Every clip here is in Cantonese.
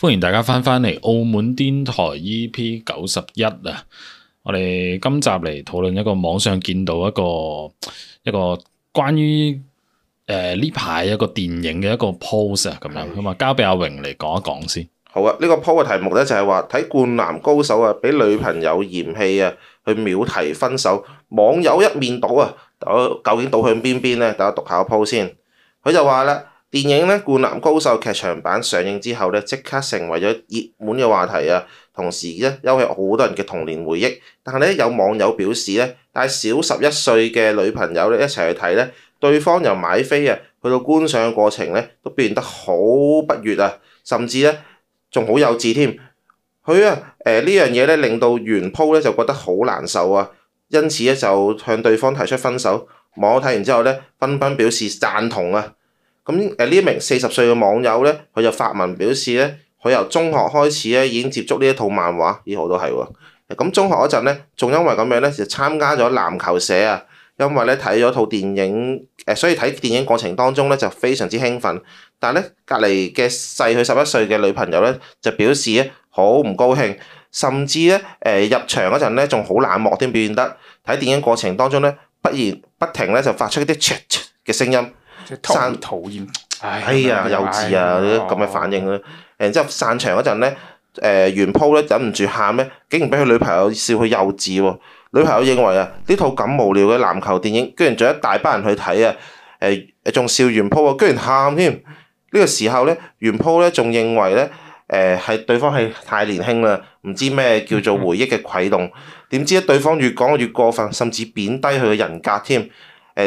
歡迎大家翻返嚟澳門電台 EP 九十一啊！我哋今集嚟討論一個網上見到一個一個關於誒呢排一個電影嘅一個 post 啊，咁樣咁啊，交俾阿榮嚟講一講先。好啊，呢個 post 嘅題目咧就係話睇灌籃高手啊，俾女朋友嫌棄啊，去秒提分手，網友一面倒啊，究竟倒向邊邊咧？大家讀下 post 先，佢就話啦。電影咧《灌籃高手》劇場版上映之後咧，即刻成為咗熱門嘅話題啊！同時咧，勾起好多人嘅童年回憶，但係咧有網友表示咧，帶小十一歲嘅女朋友咧一齊去睇咧，對方由買飛啊，去到觀賞嘅過程咧，都變得好不悦啊，甚至咧仲好幼稚添。佢啊，誒呢樣嘢咧令到原鋪咧就覺得好難受啊，因此咧就向對方提出分手。網友睇完之後咧，紛紛表示贊同啊！咁誒呢一名四十歲嘅網友咧，佢就發文表示咧，佢由中學開始咧已經接觸呢一套漫畫，呢個都係喎。咁中學嗰陣咧，仲因為咁樣咧就參加咗籃球社啊，因為咧睇咗套電影，誒、呃、所以睇電影過程當中咧就非常之興奮。但係咧隔離嘅細佢十一歲嘅女朋友咧就表示咧好唔高興，甚至咧誒、呃、入場嗰陣咧仲好冷漠添，表現得睇電影過程當中咧不言不停咧就發出一啲嚓嚓嘅聲音。即討厭，哎呀，幼稚啊！啲咁嘅反應啦，然之後散場嗰陣咧，誒，袁鋪咧忍唔住喊咧，竟然俾佢女朋友笑佢幼稚喎。女朋友認為啊，呢套咁無聊嘅籃球電影，居然仲有一大班人去睇啊，誒，仲笑袁鋪啊，居然喊添。呢、這個時候咧，袁鋪咧仲認為咧，誒、呃，係對方係太年輕啦，唔知咩叫做回憶嘅悸動。點知咧，對方越講越過分，甚至貶低佢嘅人格添。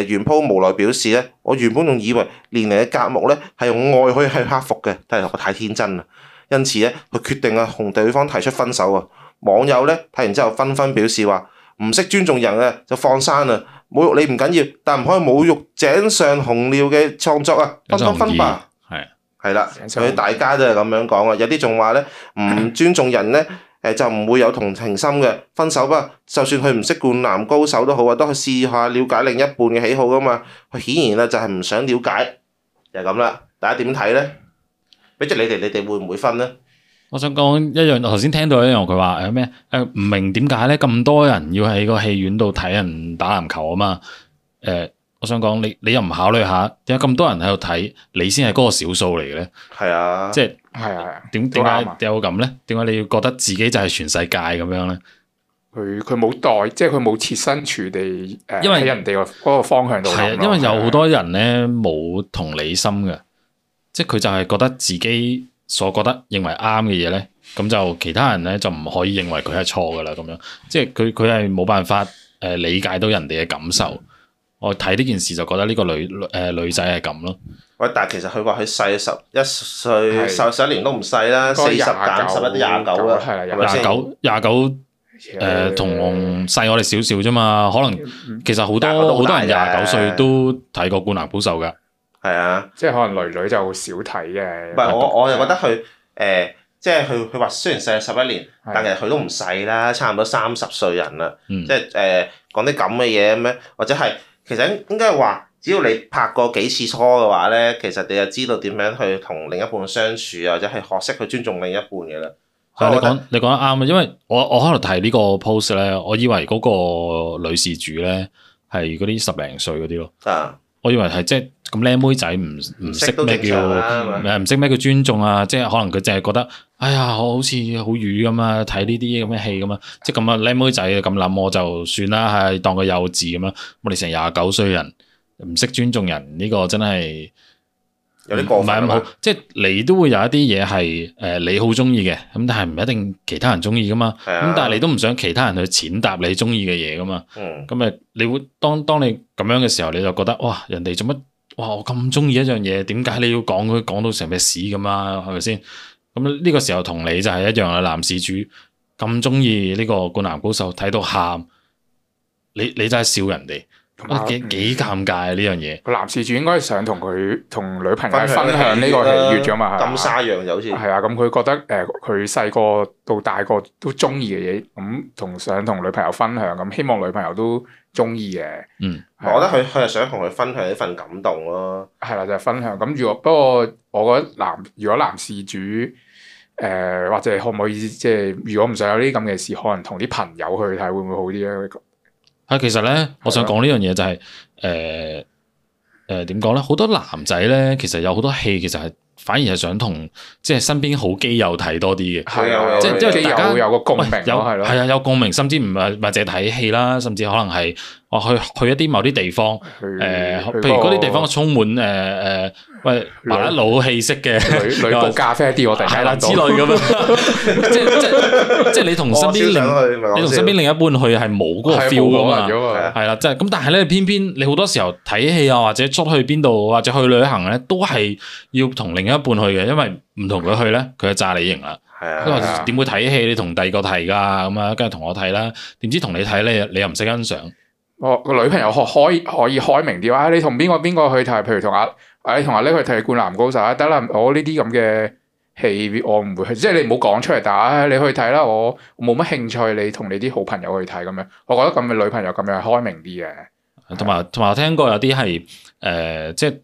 誒原鋪，無奈表示咧，我原本仲以為年齡嘅隔膜咧係用愛可以去克服嘅，但係我太天真啦，因此咧佢決定啊，同對方提出分手啊。網友咧睇完之後紛紛表示話：唔識尊重人嘅就放生啦，侮辱你唔緊要，但唔可以侮辱井上雄彥嘅創作啊，分分分吧。係係啦，所以大家都係咁樣講啊，有啲仲話咧唔尊重人咧。 誒就唔會有同情心嘅分手不，就算佢唔識灌籃高手都好啊，都去試下了解另一半嘅喜好噶嘛。佢顯然啦就係唔想了解，就係咁啦。大家點睇呢？誒即係你哋，你哋會唔會分呢？我想講一樣，頭先聽到一樣，佢話誒咩？誒唔明點解呢咁多人要喺個戲院度睇人打籃球啊嘛？誒。我想講你，你又唔考慮下，點解咁多人喺度睇，你先係嗰個少數嚟嘅咧？係啊，即係是，係啊，點點解有咁咧？點解你要覺得自己就係全世界咁樣咧？佢佢冇代，即係佢冇設身處地誒喺、呃、為人哋個嗰個方向度諗咯。因為有好多人咧冇、啊、同理心嘅，即係佢就係覺得自己所覺得認為啱嘅嘢咧，咁就其他人咧就唔可以認為佢係錯噶啦，咁樣，即係佢佢係冇辦法誒理解到人哋嘅感受，嗯。我睇呢件事就覺得呢個女、呃、女女仔係咁咯。喂，但係其實佢話佢細十一歲，細十一年都唔細啦。四十減十一都廿九啦，廿九廿九誒，同細、呃、我哋少少啫嘛。可能其實好多好、嗯嗯、多人廿九歲都睇過《灌籃高手》㗎。係啊，即係可能女女就會少睇嘅。唔係我我就覺得佢誒、呃，即係佢佢話雖然細十一年，但係佢都唔細啦，差唔多三十歲人啦。嗯、即係誒、呃、講啲咁嘅嘢咁樣，或者係。其實應應該係話，只要你拍過幾次拖嘅話咧，其實你就知道點樣去同另一半相處啊，或者係學識去尊重另一半嘅啦。係、哦嗯、你講你講得啱啊，因為我我可能睇呢個 pose 咧，我以為嗰個女事主咧係嗰啲十零歲嗰啲咯，嗯、我以為係即係。咁僆妹仔唔唔識咩叫唔識咩叫、啊、叫尊重啊？即係可能佢淨係覺得，哎呀，我好似好瘀咁啊！睇呢啲咁嘅戲咁啊！即係咁啊，僆妹仔咁諗我就算啦，係當佢幼稚咁啦。我哋成廿九歲人唔識尊重人，呢、這個真係有啲過唔係咁好。即係你都會有一啲嘢係誒你好中意嘅，咁但係唔一定其他人中意噶嘛。咁、啊、但係你都唔想其他人去踐踏你中意嘅嘢噶嘛。咁誒、嗯，你會當當你咁樣嘅時候，你就覺得哇，人哋做乜？哇！我咁中意一樣嘢，點解你要講佢講到成劈屎咁啊？係咪先？咁呢個時候同你就係一樣啊！男事主咁中意呢個《灌籃高手》，睇到喊，你你真係笑人哋有啊！幾幾尷尬啊呢樣嘢！個、嗯、男事主應該想同佢同女朋友分享呢個喜悅啫嘛，咁沙陽就好似係啊！咁、嗯、佢覺得誒，佢細個到大個都中意嘅嘢，咁、嗯、同想同女朋友分享，咁、嗯、希望女朋友都。中意嘅，我覺得佢佢係想同佢分享一份感動咯、啊。係啦、啊，就係、係、分享。咁如果不過，我覺得男如果男事主，誒、呃、或者可唔可以即係，就係、如果唔想有啲咁嘅事，可能同啲朋友去睇會唔會好啲咧？呢啊，其實咧，我想講、就係呃呃、呢樣嘢就係誒誒點講咧？好多男仔咧，其實有好多戲其實係。反而係想同即係身邊好基友睇多啲嘅，即係大家會有，有個共鳴咯，係咯、哎，係啊的的，有共鳴，甚至唔係或者睇戲啦，甚至可能係。去去一啲某啲地方，誒，譬如嗰啲地方充滿誒誒、呃，喂，老氣息嘅，咖啡啲我哋係啦之類咁啊，即即即你同身邊另你同身邊另一半去係冇嗰個 feel 噶嘛，係啦，即係咁，但係咧偏偏你好多時候睇戲啊，或者出去邊度，或者去旅行咧，都係要同另一半去嘅，因為唔同佢去咧，佢就炸你型啦。因為，點會睇戲？你同第二個睇噶咁啊，跟住同我睇啦，點知同你睇咧？Illness，你又唔識欣賞。我個女朋友可可以可以開明啲啊，你同邊個邊個去睇？譬如同阿誒同、啊、阿叻去睇《灌籃高手》啊，得啦！我呢啲咁嘅戲，我唔會去，即係你唔好講出嚟。但係你去睇啦，我冇乜興趣。你同你啲好朋友去睇咁樣，我覺得咁嘅女朋友咁樣係開明啲嘅。同埋同埋，的我聽過有啲係誒，即係。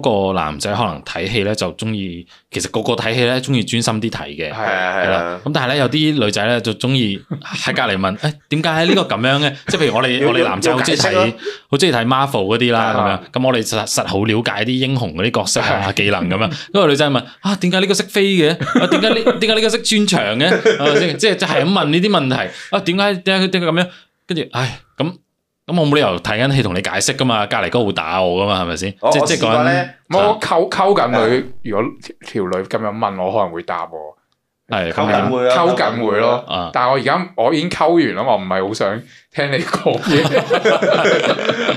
嗰個男仔可能睇戲咧就中意，其實個個睇戲咧中意專心啲睇嘅。係啊是的，係啦。咁但係咧有啲女仔咧就中意喺隔離問，誒點解呢個咁樣嘅？即係譬如我哋我哋男仔好中意睇好中意睇 Marvel 嗰啲啦，咁樣咁我哋實實好了解啲英雄嗰啲角色 啊技能咁樣。嗰個女仔問啊，點解呢個識飛嘅？點解呢點解呢個識穿牆嘅？即、 啊、就係、係、咁問呢啲問題啊，啊？點解點解點解咁樣？跟住唉。哎咁我冇理由睇緊戲同你解釋噶嘛，隔籬哥會打我噶嘛，係咪先？我即即講咧，我溝溝緊女，如果條女今日問我，可能會答我。係溝緊會啊，溝緊會咯。但係我而家我已經溝完啦，我唔係好想聽你講嘢。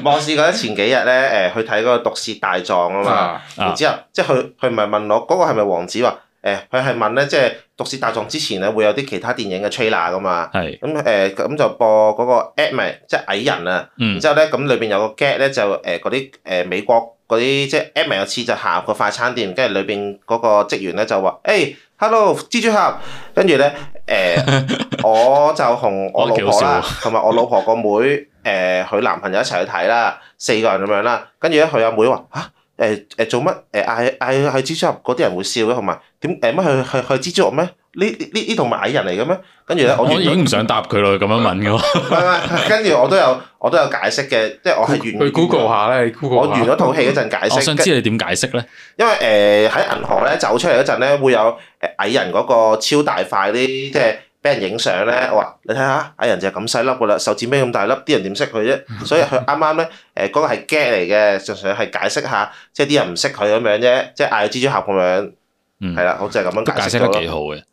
我試過咧，前幾日咧，誒去睇嗰個《毒舌大狀》啊嘛，然之後即係佢佢唔係問我嗰個係咪王子話？誒佢係問咧，即係《毒舌大狀》之前咧會有啲其他電影嘅 trailer 噶嘛？係是。咁誒咁就播嗰個《Antman》即係蟻人啊。嗯、然之後咧，咁裏邊有個 gag 咧，就誒嗰啲誒美國嗰啲、呃、即係 Antman 有次就行過個快餐店，跟住裏邊嗰個職員咧就話：誒、hey, hello 蜘蛛俠。跟住咧，誒，我就同我老婆啦，同埋 好 我老婆個妹，誒、呃、佢男朋友一齊去睇啦，四個人咁樣啦。跟住咧，佢阿妹話嚇。誒誒、欸、做乜誒嗌嗌喺蜘蛛俠嗰啲人會笑嘅，同埋點誒乜去去去蜘蛛俠咩？呢呢呢套咪蟻人嚟嘅咩？跟住咧，我已經唔想答佢咯，咁 樣問嘅喎。跟 住 我都有我都有解釋嘅，即係我係完，去 Google 下咧，我完咗套戲嗰陣解釋。我想知你點解釋咧？因為誒喺銀河咧走出嚟嗰陣咧，會有誒蟻人嗰個超大塊啲即係。俾人影相咧，哇！你睇下，阿人就咁細粒噶啦，手指尾咁大粒，啲人點識佢啫？所以佢啱啱咧，誒嗰個係 get 嚟嘅，就想係解釋下，即係啲人唔識佢咁樣啫，即係嗌蜘蛛俠咁樣，係啦，好似係咁樣解釋咗。解釋得幾好嘅。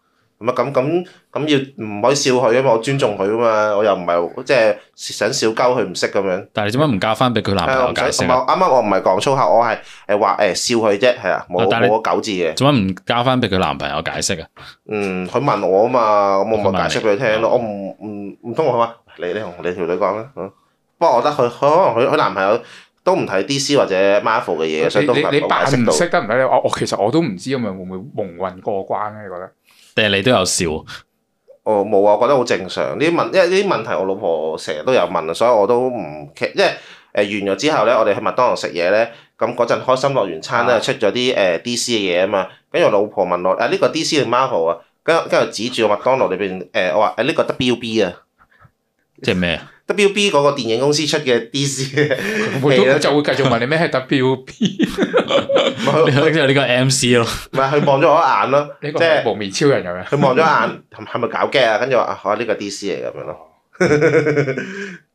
唔係咁咁咁要唔可以笑佢啊嘛！我尊重佢啊嘛！我又唔係即係想笑鳩佢唔識咁樣。但係你做咩唔加翻俾佢男朋友解釋？啱啱我唔係講粗口，我係誒話誒笑佢啫，係啊，冇冇九字嘅。做咩唔加翻俾佢男朋友解釋啊？嗯，佢問我啊嘛，我冇冇解釋俾佢聽咯。我唔唔唔通話你你同你條女講啊？不過我覺得佢佢可能佢佢男朋友都唔睇 DC 或者 Marvel 嘅嘢，所以都唔識解釋到。唔識得唔係你我我其實我都唔知咁樣會唔會蒙混過關咧？你覺得？你都有笑，哦冇啊，我覺得好正常。呢問，因為呢啲問題我老婆成日都有問，所以我都唔，因為誒完咗之後咧，我哋去麥當勞食嘢咧，咁嗰陣開心樂園餐咧是的 出咗啲誒 D C 嘅嘢啊嘛，跟住我老婆問我誒呢個 D C 定 Marvel 啊，跟跟住指住麥當勞裏邊，誒、呃、我話誒呢個 W B 啊，即係咩啊？ W B 嗰個電影公司出嘅 D C，佢就會繼續問你咩係 W B，你拎咗呢個 M C 咯，唔係佢望咗我一眼咯，即係蒙面超人咁樣， 佢望咗眼，係咪搞驚啊？跟住話啊，好呢個 D C 嚟咁樣咯，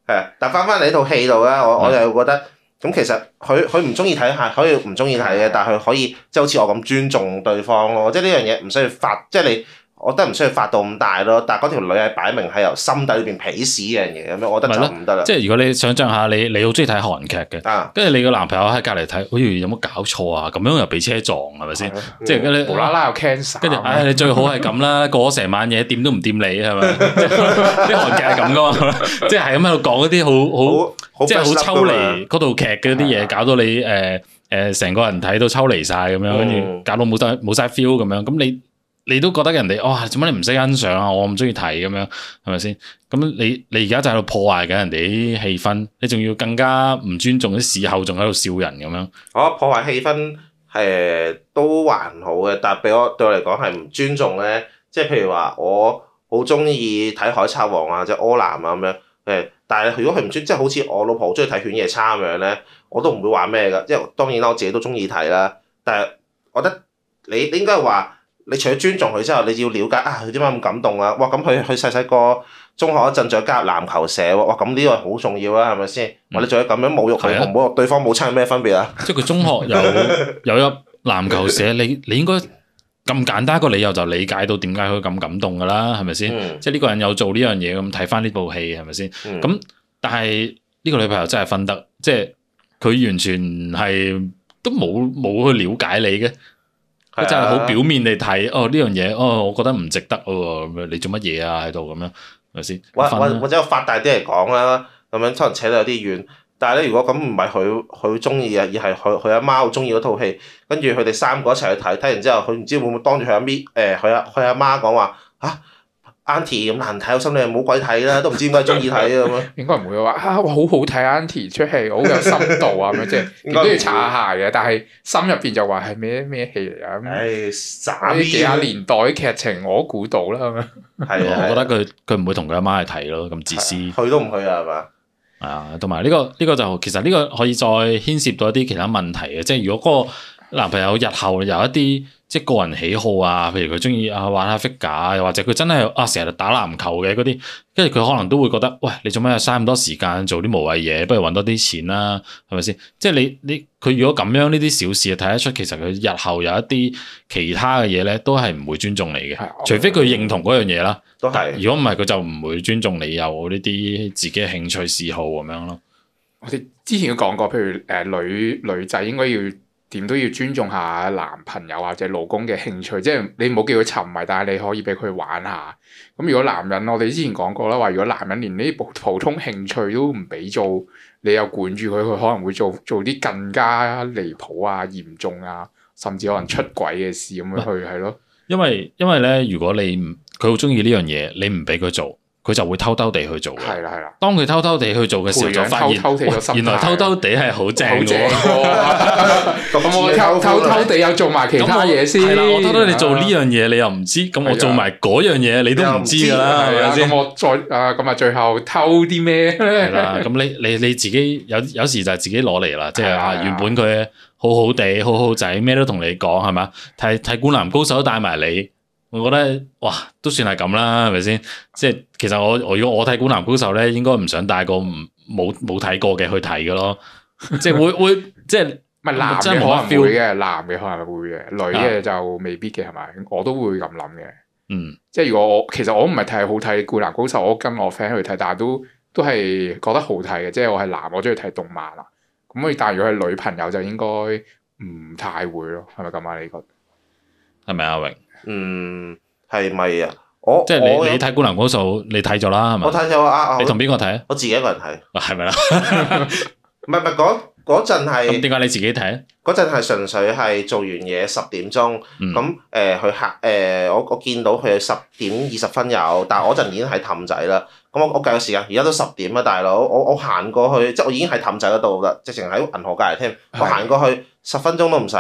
係啊。但翻翻嚟呢套戲度咧，我我又覺得，咁其實佢佢唔中意睇下，可以唔中意睇嘅，但係佢可以即係、就是、好似我咁尊重對方咯，即係呢樣嘢唔需要發，即係你。我得唔需要發到咁大咯，但係嗰條女係擺明係由心底裏邊鄙視依樣嘢咁樣，我覺得唔得啦。即係如果你想象下，你你好中意睇韓劇嘅，跟住你個男朋友喺隔離睇，好似有冇搞錯啊？咁樣又俾車撞係咪先？即係無啦啦又 c a n c e l 跟住，唉，你最好係咁啦，過咗成晚嘢，掂都唔掂你係咪？啲韓劇係咁噶嘛，即係係咁喺度講一啲好好即係好抽離嗰套劇嘅啲嘢，搞到你誒誒成個人睇到抽離晒咁樣，跟住搞到冇晒冇曬 feel 咁樣，咁你。你都覺得人哋哇，做、哦、乜你唔識欣賞啊？我唔中意睇咁樣，係咪先？咁你你而家就喺度破壞緊人哋啲氣氛，你仲要更加唔尊重啲事後，仲喺度笑人咁樣。我覺得破壞氣氛係都還好嘅，但係俾我對我嚟講係唔尊重咧。即係譬如話，我好中意睇海賊王啊，或、就是、柯南啊咁樣誒。但係如果佢唔尊，即、就、係、是、好似我老婆好中意睇犬夜叉咁樣咧，我都唔會話咩㗎。即係當然啦，我自己都中意睇啦。但係我覺得你應該話。你除咗尊重佢之後，你要了解啊，佢點解咁感動啊？哇！咁佢佢細細個中學嗰陣仲有加入籃球社，哇！咁呢個好重要啊，係咪先？或者仲有咁樣侮辱佢，同侮辱對方母親有咩分別啊？即係佢中學有有入籃球社，你你應該咁簡單一個理由就理解到點解佢咁感動㗎啦，係咪先？即係呢個人有做呢樣嘢，咁睇返呢部戲係咪先？咁但係呢個女朋友真係瞓得，即係佢完全係都冇冇去了解你嘅。佢真係好表面嚟睇，哦呢樣嘢，哦我覺得唔值得喎。咁樣你做乜嘢啊喺度咁樣，咪先？或或者我發大啲嚟講啦，咁樣可能扯得有啲遠。但係咧，如果咁唔係佢佢中意嘅，而係佢佢阿媽好中意嗰套戲，跟住佢哋三個一齊去睇，睇完之後佢唔知會唔會當住阿媽誒，佢阿佢阿媽講話嚇。Auntie 咁難睇，我心裡冇鬼睇啦，都唔知點解中意睇咁啊。應該唔會話啊，好好睇 Auntie 出戲，好有深度啊，咁樣即係。應該要查下嘅，但係心入邊就話係咩咩戲嚟啊？唉，三幾十年代劇情我估到啦，咁樣。係我覺得佢佢唔會同佢阿媽去睇咯，咁自私。去都唔去啊，係嘛？係啊，同埋呢個呢個就其實呢個可以再牽涉到一啲其他問題嘅，即係如果嗰個男朋友日後有一啲。即係個人喜好啊，譬如佢中意啊玩下 figure 啊，又或者佢真係啊成日打籃球嘅嗰啲，跟住佢可能都會覺得，喂，你做咩嘥咁多時間做啲無謂嘢，不如揾多啲錢啦，啊，係咪先？即係你你佢如果咁樣呢啲小事啊，睇得出其實佢日後有一啲其他嘅嘢咧，都係唔會尊重你嘅，是除非佢認同嗰樣嘢啦。都係是。如果唔係，佢就唔會尊重你有呢啲自己興趣嗜好咁樣咯。我哋之前都講過，譬如誒、呃、女女仔應該要。點都要尊重下男朋友或者老公嘅興趣，即係你唔好叫佢沉迷，但係你可以俾佢玩下。咁如果男人，我哋之前講過啦，話如果男人連呢啲普普通興趣都唔俾做，你又管住佢，佢可能會做做啲更加離譜啊、嚴重啊，甚至可能出軌嘅事咁樣去，嗯，係咯。因為因為咧，如果你唔佢好中意呢樣嘢，你唔俾佢做。佢就會偷偷地去做嘅。係啦，係啦。當佢偷偷地去做嘅時候，就發現原來偷偷地係好正嘅，咁我偷偷地又做埋其他嘢先。係啦的，偷偷地做呢樣嘢你又唔知，咁我做埋嗰樣嘢你都唔知㗎啦。咁我再啊，咁啊，最後偷啲咩咧？係 啦，咁你你你自己有有時就係自己攞嚟啦，的即係啊，原本佢好好地、好好仔，咩都同你講，係咪啊？睇睇《灌籃高手》帶埋你。我覺得哇，都算係咁啦，係咪先？即係其實我我如果我睇《灌籃高手》咧，應該唔想帶個唔冇冇睇過嘅去睇嘅咯。即係會會即係唔係男嘅可能唔會嘅，男嘅可能會嘅，女嘅就未必嘅係咪？我都會咁諗嘅。嗯，即係如果我其實我唔係太好睇《灌籃高手》，我跟我 friend 去睇，但係都都係覺得好睇嘅。即係我係男，我中意睇動漫啊。咁但係如果係女朋友就應該唔太會咯，係咪咁啊？你覺得係咪阿榮？嗯，係咪啊？我即係你，我你睇灌籃高手，你睇咗啦，係咪？我睇咗啊！你同邊個睇啊？我自己一個人睇。係咪啦？唔係唔係，嗰嗰陣係。咁點解你自己睇啊？嗰陣係純粹係做完嘢十點鐘，咁誒去客誒，我我見到佢十點二十分有，但係嗰陣已經係氹仔啦。咁我我計個時間，而家都十點啊，大佬！我我行過去，即係我已經係氹仔嗰度啦，直情喺銀河隔籬添。我行過去十分鐘都唔使。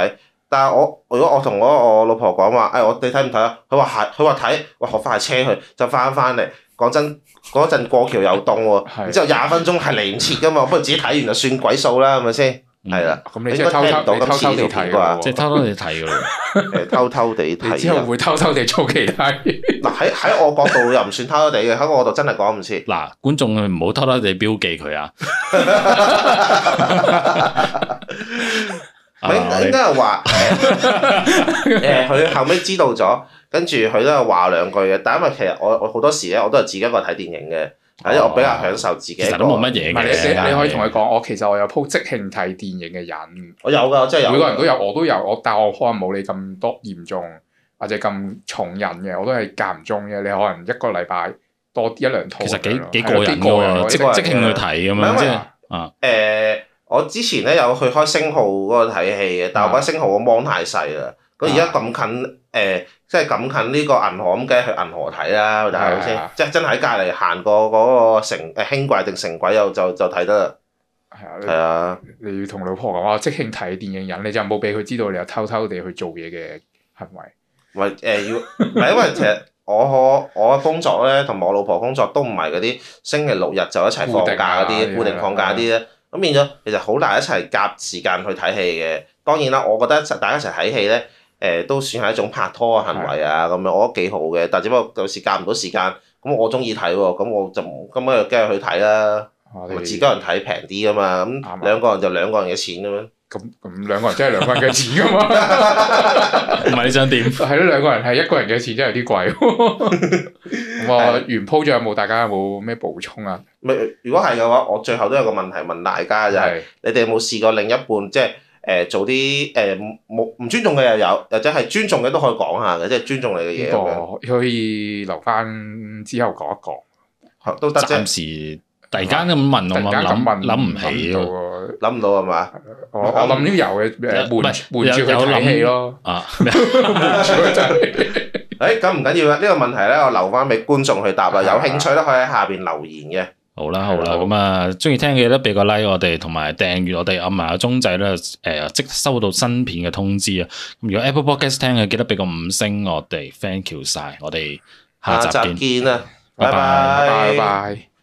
但係我如果我同我老婆講話，誒我哋睇唔睇啊？佢話係，佢話睇，喂，我翻係車去就翻返嚟。講真，嗰陣過橋又凍喎，然之後廿分鐘係嚟唔切噶嘛，不過自己睇完就算鬼數啦，係咪先？係啦，咁你即係偷偷偷偷哋睇㗎喎，即係偷偷哋睇㗎啦，偷偷哋睇。你之後會偷偷哋做其他嘢。嗱，喺喺我角度又唔算偷偷哋嘅，喺我度真係講唔切。嗱，觀眾唔好偷偷哋標記佢啊！應該係話，誒佢後尾知道咗，跟住佢都係話兩句嘅。但因為其實我我好多時咧，我都係自己一個睇電影嘅，因為我比較享受自己。其實都冇乜嘢你可以同佢講。我其實我有鋪即興睇電影嘅癮，我有噶，真係每個人都有，我都有，我但我可能冇你咁多嚴重或者咁重癮嘅，我都係間唔中嘅。你可能一個禮拜多啲一兩套，其實幾幾個人嘅即興去睇咁樣即我之前咧有去開星號嗰個睇戲嘅，但係我覺得星號個 mon 太細啦。咁而家咁近誒、呃，即係咁近呢個銀河，咁，梗係去銀河睇啦，係咪先？即係真係喺隔離行過嗰個城誒輕軌定城軌又就就睇得啦。係啊，你要同老婆講話，我即興睇電影人，你就冇俾佢知道你有偷偷哋去做嘢嘅行為。唔係、哎呃、要唔因為其實我我我工作咧同我老婆工作都唔係嗰啲星期六日就一齊放假嗰啲固、啊、固定放假啲咧。咁變咗，其實好難一齊夾時間去睇戲嘅。當然啦，我覺得大家一齊睇戲咧，誒、呃、都算係一種拍拖嘅行為啊。咁是的 樣我覺得幾好嘅，但係只不過有時夾唔到時間。咁我中意睇喎，咁我就咁咪又跟佢去睇啦、啊。同、啊、自己人睇平啲㗎嘛，咁對吧 兩個人就兩個人嘅錢咁樣。 咁咁兩個人真係兩個人嘅錢㗎嘛？唔係你想點？係咯，兩個人係一個人嘅錢真係有啲貴。原鋪仲有冇？大家有冇咩補充啊？如果係嘅話，我最後都有個問題問大家，就係你哋有冇試過另一半，即係誒做啲誒冇唔尊重嘅又有，或者係尊重嘅都可以講下嘅，即係尊重你嘅嘢。可以留翻之後講一講。都得啫。暫時突然間咁問我，我諗諗唔起喎。諗唔到係嘛？我我諗啲油嘅，唔係有有諗氣咯。啊！全部就係。誒，咁唔緊要啦，呢個問題咧，我留翻俾觀眾去答啦。的有興趣都可以喺下邊留言嘅。好啦，好啦，咁啊，中意聽嘅記得俾個 like 我哋，同埋訂閱我哋，啊埋阿鐘仔咧，誒、呃，即收到新片嘅通知啊。咁如果 Apple Podcast 聽嘅，記得俾個五星我哋，thank you 晒，謝謝我哋下集見。拜拜，拜拜。